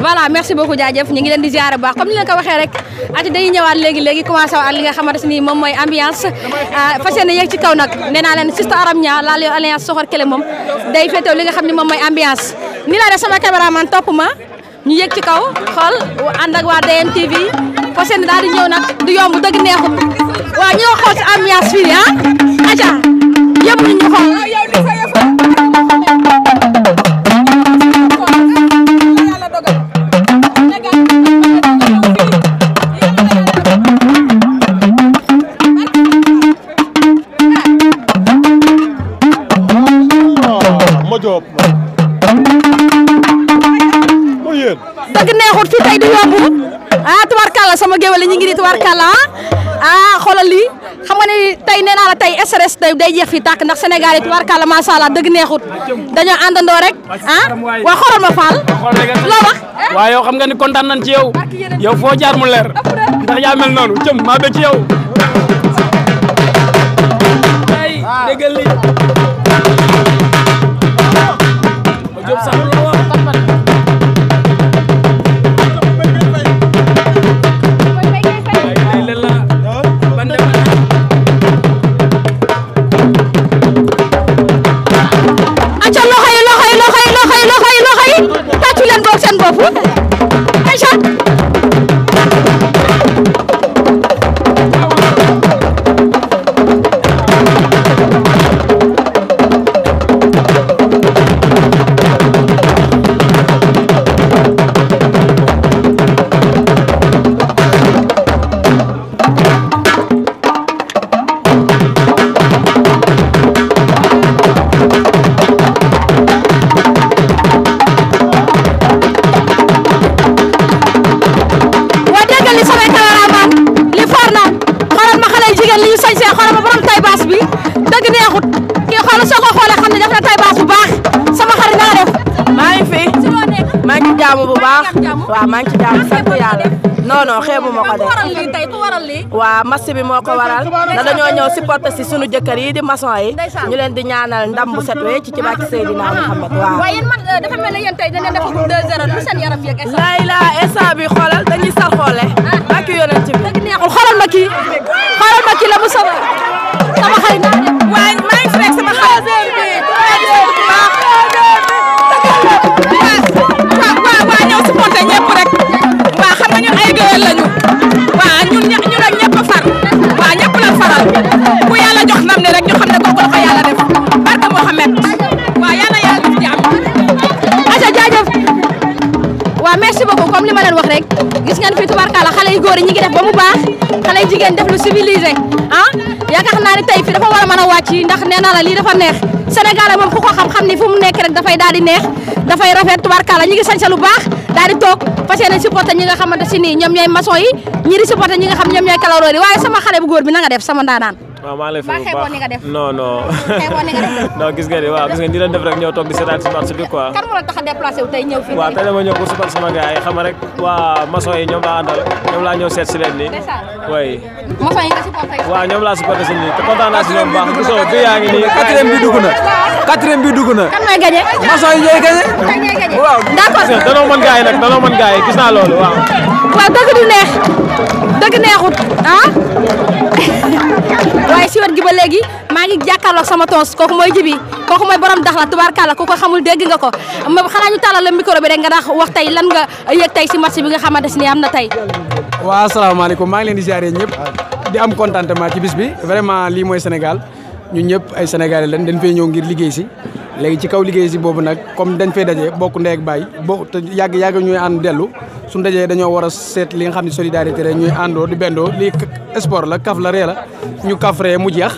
voilà merci beaucoup jaajëf ñu ngi leen di ziar bu baax comme ni leen ko waxee rek ati dañuy ñëwaat léegi léegi commencé waat li nga xamante ni moom ambiance ah, fas yéene yéeg ci kaw nag nee naa leen sista aram ñaa laal alliance soxor kele moom day féetew li nga xam ne moom ambiance ni laa def sama caméraman topp ma ñu yéeg ci kaw xool ànd ak waa DMTV fas yéene daal di ñëw nag du yomb dëgg neexut waaw ñoo xool si ambiance fii ah aca yëpp ñu ñu xool boobu ah tubaarkàlla sama géwél ñu ngi nii tubaarkàlla ah. ah xoolal lii xam nga ne tey nee naa tey SRS day jeex fii tàkk ndax Sénégal yi masala macha allah dëgg neexut dañoo àndandoo rek ah waa xoolal ma Fall. loo wax. waaw yow xam nga ni kontaan nañ ci yow. yow foo jaar mu leer. ndax yaa ci yow. jaamu bu baax waaw maa ngi ci jaamu sant yàlla non non xeebu ma ko def waaw match bi moo ko waral da dañoo ñëw si sunu jëkkër yi di maçon yi ñu leen di ñaanal ndam bu set wecc ci bàcc Seydina Muhammad waaw waaye man euh, dafa mel ne yéen tey dañ leen def 2-0 lu bi xoolal dañuy ah. xoolal ma la mu sama sama xarit comme li ma leen wax rek gis ngeen fii tubarkalla def ba mu baax xale yu jigéen def lu civilisé ah yaakaar naa ne tey dafa war a mën a wàcc ndax nee naa la lii dafa neex Sénégal moom ku ko xam-xam ni fu mu nekk rek dafay daal di neex dafay rafet tubarkalla ñi ngi sañse lu baax daal di toog fas yéene supporter ñi nga xamante si nii ñoom ñooy maçon yi ñi di supporter sama xale bu góor bi na nga def sama ndaanaan waaw maa ngi lay fay bu baax non non. non gis nga ni waaw gis nga la def rek ñëw toog di seetaan si marché bi quoi. kan moo la tax a déplacé sama gars yi xam rek waa maçon yi ñoom laa àndal ñoom laa ñëw seet si leen ñoom laa supporté si nii te baax. gisoo bi yaa ngi nii quatrième quatrième bi dugg na. kan mooy gagné. maçon yi ñooy gagné. waaw d'accord danoo mën gars yi nag danoo mën gars yi gis naa loolu waaw. waaw dëgg du neex dëgg neexut ah waaye si wet gi ba léegi maa ngi jàkkaarloog sama tons kooku mooy jibi kooku mooy borom dax la tubaarkàlla ku ko xamul dégg nga ko ma xanaa ñu tàllal la micro bi rek nga daan wax tey lan nga yëg tey si match bi nga xamante ne am na tey. waaw asalaamaaleykum maa ngi leen di ziare ñëpp di am contentement ci bis bi vraiment lii mooy Sénégal. ñun ñëpp ay sénégalais lañ dañ fay ñëw ngir liggéey ci légui ci kaw liggéey ci bobu nak comme dañ fay dajé bokku ndé ak bay bo te yag yag ñuy and dellu suñ dajee dañu wara sét li nga xamni solidarité la ñuy ando di bendo li sport la kaf la ré la ñu kaf ré mu jeex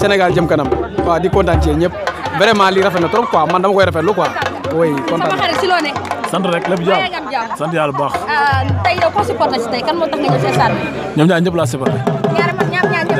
sénégal jëm kanam wa di contenté ñëpp vraiment li rafet na trop quoi man dama koy lu quoi oui kontaan sant rek lépp jaam sant yalla bu baax euh, tay do ko supporté ci tay kan mo tax nga ci stade ñom ñaan ñëpp support ñaar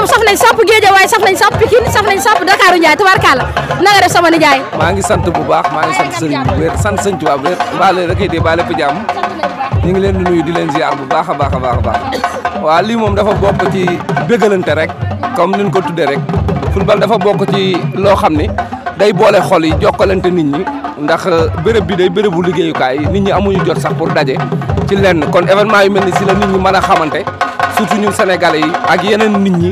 moom saf nañ saf Géejawaay saf nañ saf Pikine saf nañ saf Dakar Ndiaye tubaarkàlla na nga def sama nijaay maa ngi sant bu baax maa ngi sant sëriñ bu wér sant sëñ Tuubaa bu wér baale rek di baale fi jàmm ñu ngi leen di nuyu di leen ziar bu baax a baax a baax a baax waaw lii moom dafa bokk ci bégalante rek comme niñ ko tuddee rek football dafa bokk ci loo xam day boole xol yi jokkalante nit ñi ndax béréb bi day bérébu liggéeyukaay nit ñi amuñu jot sax pour daje ci lenn kon événement yu mel ni si la nit ñi mën a surtout ñun sénégalais yi ak yeneen nit ñi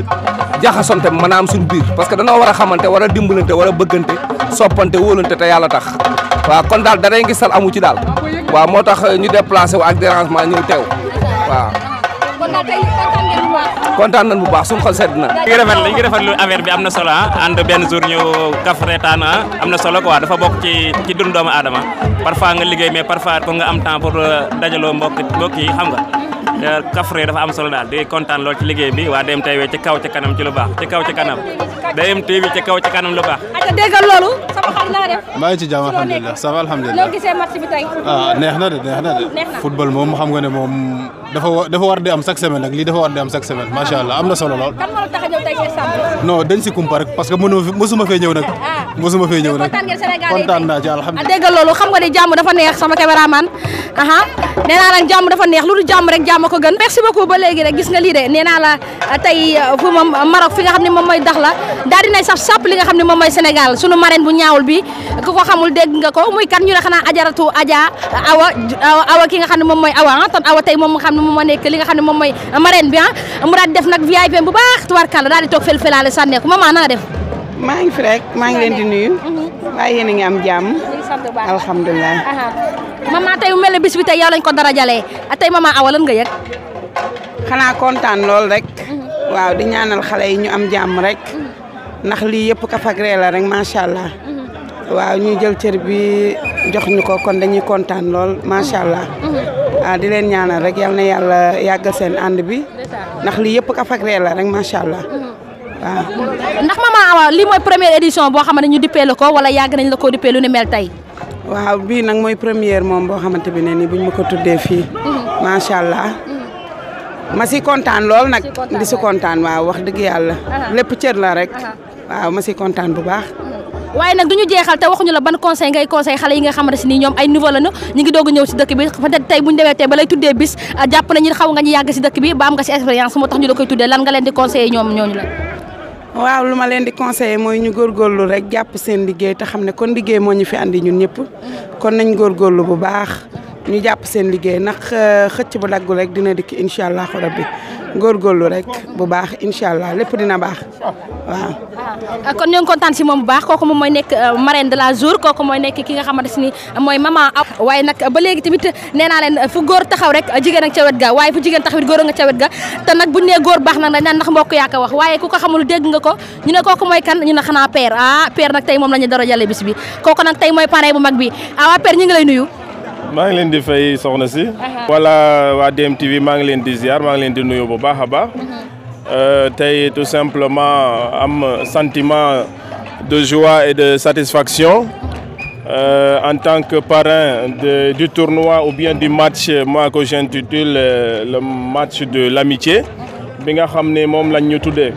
mëna am suñu biir parce que dañoo war a xamante war a dimbalante war a bëggante soppante wóolante tax wa kon daal daray ngi sal amu ci dal wa motax ñu déplacer wu ak dérangement ñu teew wa kontan nañ bu baax suñu xol sedd na ngi rafet li ngi rafet lu affaire bi amna solo and ah. ben jour ñu kaf retaan ah. am solo quoi dafa bok ci ci dund doomu parfois nga liggéey mais parfois ko nga am temps pour euh, dajalo mbokk mbokk yi xam nga Eh, kafre dafa am solo dal di contane lool ci liggéey bi tay we ci kaw ci kanam ci lu bax ci kaw ci kanam tv ci kaw ci kanam lu bax ata degal loolu sama xam la def maa ci jàmm alhamdullilah sa va alhamdullilah lo gisee match bi tay ah neex na de neex na de football mom xam nga ne mom dafa dafa war di am chaque semaine nak li dafa war di am chaque semaine macha allah am na solo lol kan mo la tax a ñëw ci sambe non dañ ci kumpar parce que mënu mësuma fee ñëw nag ah. mësuma fe ñew nak contane na ci alhamdullilah ah, degal loolu xam nga ni jàmm dafa neex sama cameraman aha neena lan nag dafa neex lu du rek yaa ma ko gën merci beaucoup ba légui rek gis nga li dé néna la tay euh, fu mom Maroc fi nga xamni mom moy mooy Dakhla daal dinay saf li nga xamni mom moy Sénégal sunu marraine bu ñaawul bi ku ko xamul dégg nga ko muy kan ñu ne xana adjaratu aja awa awa ki nga xamni mom moy awa tan ah, awa tay mom nga xam ne moom moo li nga xamni mom moy marraine bi ah mu daal def nak VIP bu baax tubaarkàlla dal di tok fel sané ko mama na def ma ngi fi rek ma ngi len di nuyu mhm. waaye yéen nga am jamm alhamdulilah Mama tay mel bis bi tay yow lañ ko dara jalee tay mama awalon nga xana contane lol rek mm-hmm. waaw di ñaanal xalé yi ñu am jamm rek mm-hmm. ndax lii yëpp kafagree la rek macha allah mm-hmm. waaw ñuy jël cër bi jox ñuko kon dañuy kontaan lool macha allah ah di leen ñaanal rek yalla yalla yàlla seen bi ndax lii yëpp kafagree la rek macha allah ndax mama Awa li moy première édition bo xamné ñu dippé lako wala yag nañ lako ko lu ni mel tay waaw bi nak moy premier mom bo xamante ni buñ mako tuddé fi ma mhm. sha allah. Mhm. ma si contane lol nak di si contane waaw wax deug yalla lepp cër la rek. waaw ma si contane bu baax. Mhm. waye nak duñu jéxal té waxuñu la ban conseil ngay conseil xalé yi nga xamanté ni ñom ay nouveau lañu ñu ngi dogu a ñëw si dëkk bi peut-être tay buñu ñu demee tey ba bis japp nañu xaw nga ñu yag ci dëkk bi ba am nga ci expérience mo tax ñu da koy tuddé lan nga leen di conseil ñom ñoñu la. waaw lu ma leen di conseillé mooy ñu góor góorlu rek jàpp seen liggéey te xam ne kon liggéey moo ñu fi andi ñun ñëpp kon nañ góor góorlu bu baax ñu jàpp seen liggéey ndax euh, xëcc bu daggul rek dina dikk incha allahu rabbi góorgóorlu rek bu baax inshallah allah dina baax waaw. Ah, kon ñu ngi ci mom bu baax koku mom moy nek euh, marraine de la jour koku moy nek ki nga xamanteni moy mama waye nak ba legi tamit neena len fu gor taxaw rek jigen ak ci wet ga waye fu jigen taxawit gor nga ci wet ga te nak bu ne gor baax nak dañ nak mbok ya ka wax waye ku ko xamul deg nga ko ñu ne koku moy kan ñu ne xana père ah père nak tay mom lañu dara jàlle bis bi koku nak tay moy pare bu mag bi ah waa père ñi nga lay nuyu ma ngi len di fay soxna si voilà waa DMTV maa ngi leen di ziar maa ngi leen di nuyu bu baax a baax. Mhm. Euh, tey tout simplement am sentiment de joie et de satisfaction euh, en tant que parrain du tournoi ou bien du match moi que j'intitule euh, le match de l'amitié bi nga xam ne moom lañ ñu tuddee.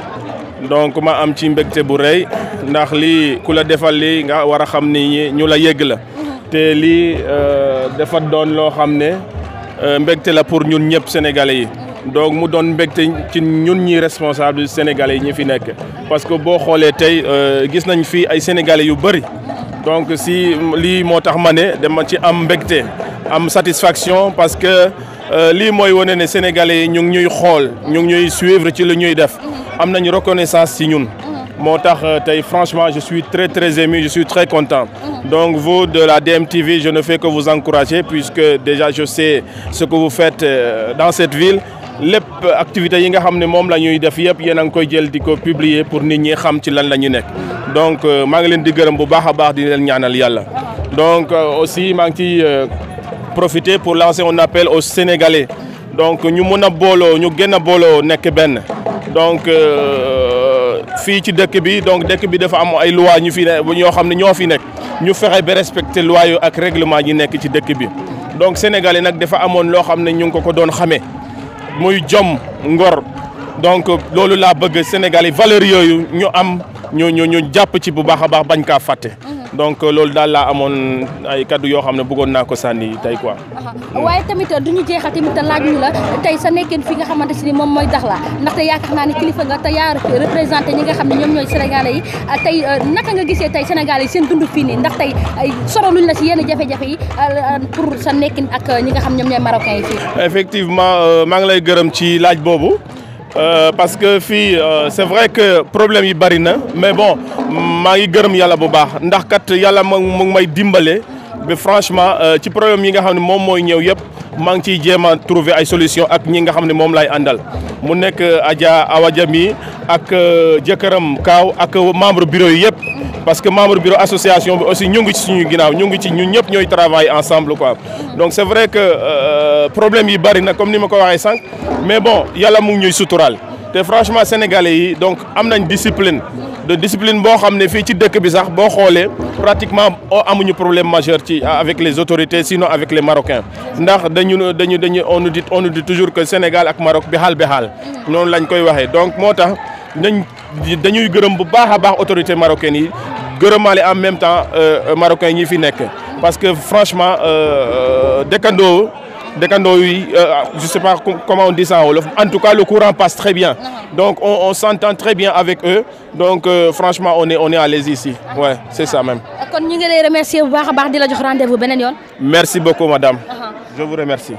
donc ma am ci mbégte bu rëy ndax lii ku la defal lii nga war a xam ni ñu la yëgg la mhm. te lii euh, dafa doon loo xam ne. Nous euh, la pour ñun sénégalais donc mu ci ñun ñi responsable sénégalais parce que nous sommes les gis nañ ay sénégalais yu donc si am satisfaction parce que euh, li sénégalais ñu ñuy ñu ñuy suivre ci ñuy am reconnaissance ci ñun euh, franchement je suis très très ému je suis très content donc vous de la DMTV je ne fais que vous encourager puisque déjà je sais ce que vous faites euh, dans cette ville Les activités que nga xam faites nous la ñuy publier pour les gens. xam donc je euh, vous leen di gërëm bu baax donc aussi je vais profiter pour lancer un appel aux Sénégalais donc nous avons fait un ñu de nous sommes donc fii ci dëkk bi donc dëkk bi dafa am ay loi ñu fi ñoo xam ne ñoo fi nekk ñu fexe ba respecter loi yu ak réglement yi nekk ci dëkk bi donc sénégalais nag dafa amoon loo xam ne ñu ngi ko ko doon xamee muy jom ngor donc loolu laa bëgg sénégalais valeurs yooyu ñu am ñu ñu ñu jàpp ci bu baax a baax bañ kaa fàtte donc euh, loolu daal laa amoon ay kaddu yoo xam ne bëggoon naa ko sànni tey quoi. waaye tamit du ñu jeexal tamit laaj ñu la tey sa nekkeen fi nga xamante si ni moom mooy Dakhla ndaxte yaakaar naa ne kilifa nga te yaa représenté ñi nga xam ne ñoom ñooy sénégalais yi ah, tey euh, naka nga gisee tey sénégalais yi seen dund fii nii ndax tey soraluñ la si yenn jafe-jafe yi ah, ah, pour sa nekkin ak euh, ñi nga xam ñoom ñooy marocains yi fii. effectivement maa ngi lay gërëm ci laaj boobu. Euh, parce que fii euh, c'est vrai que problème yi bari na mais bon ma ngi gërëm yalla bu baax ndax kat yalla mo ngi may dimbalé mais franchement euh, ci problème yi nga xam mom moy ñew ñëw mang ci ngi trouver ay solution ak ñi nga xam mom lay andal mu nek euh, Adja Awa Jami ak euh, jëkkëram kaw ak membre bureau yi parce que membre bureau association bi aussi ñu ngi ci suñu ginaaw ñu ngi ci ñun ñëpp ñoy travailler ensemble quoi donc c'est vrai que problème yi bari na comme ni ma ko waxee sank mais bon yalla mu ñuy sutural té franchement sénégalais yi donc am discipline de discipline bon, xam fait fii ci dëkk bi sax boo xoolee pratiquement amuñu problème majeur ci avec les autorités sinon avec les Marocains ndax dañu dañu on nous dit on nous dit toujours que Sénégal ak Maroc bi xaal bi xaal noonu lañ koy donc moi, tax nañ dañuy gërëm bu baax baax autorités marocaines yi en même temps euh, euh, Marocains ñi fi parce que franchement euh, dëkkandoo euh, je ne sais pas comment on dit ça en tout cas, le courant passe très bien. Uh-huh. Donc, on, s'entend très bien avec eux. Donc, euh, franchement, on est, on est à l'aise ici. Ouais, c'est ça même. Euh, vous Merci beaucoup, madame. Uh-huh. Je vous remercie.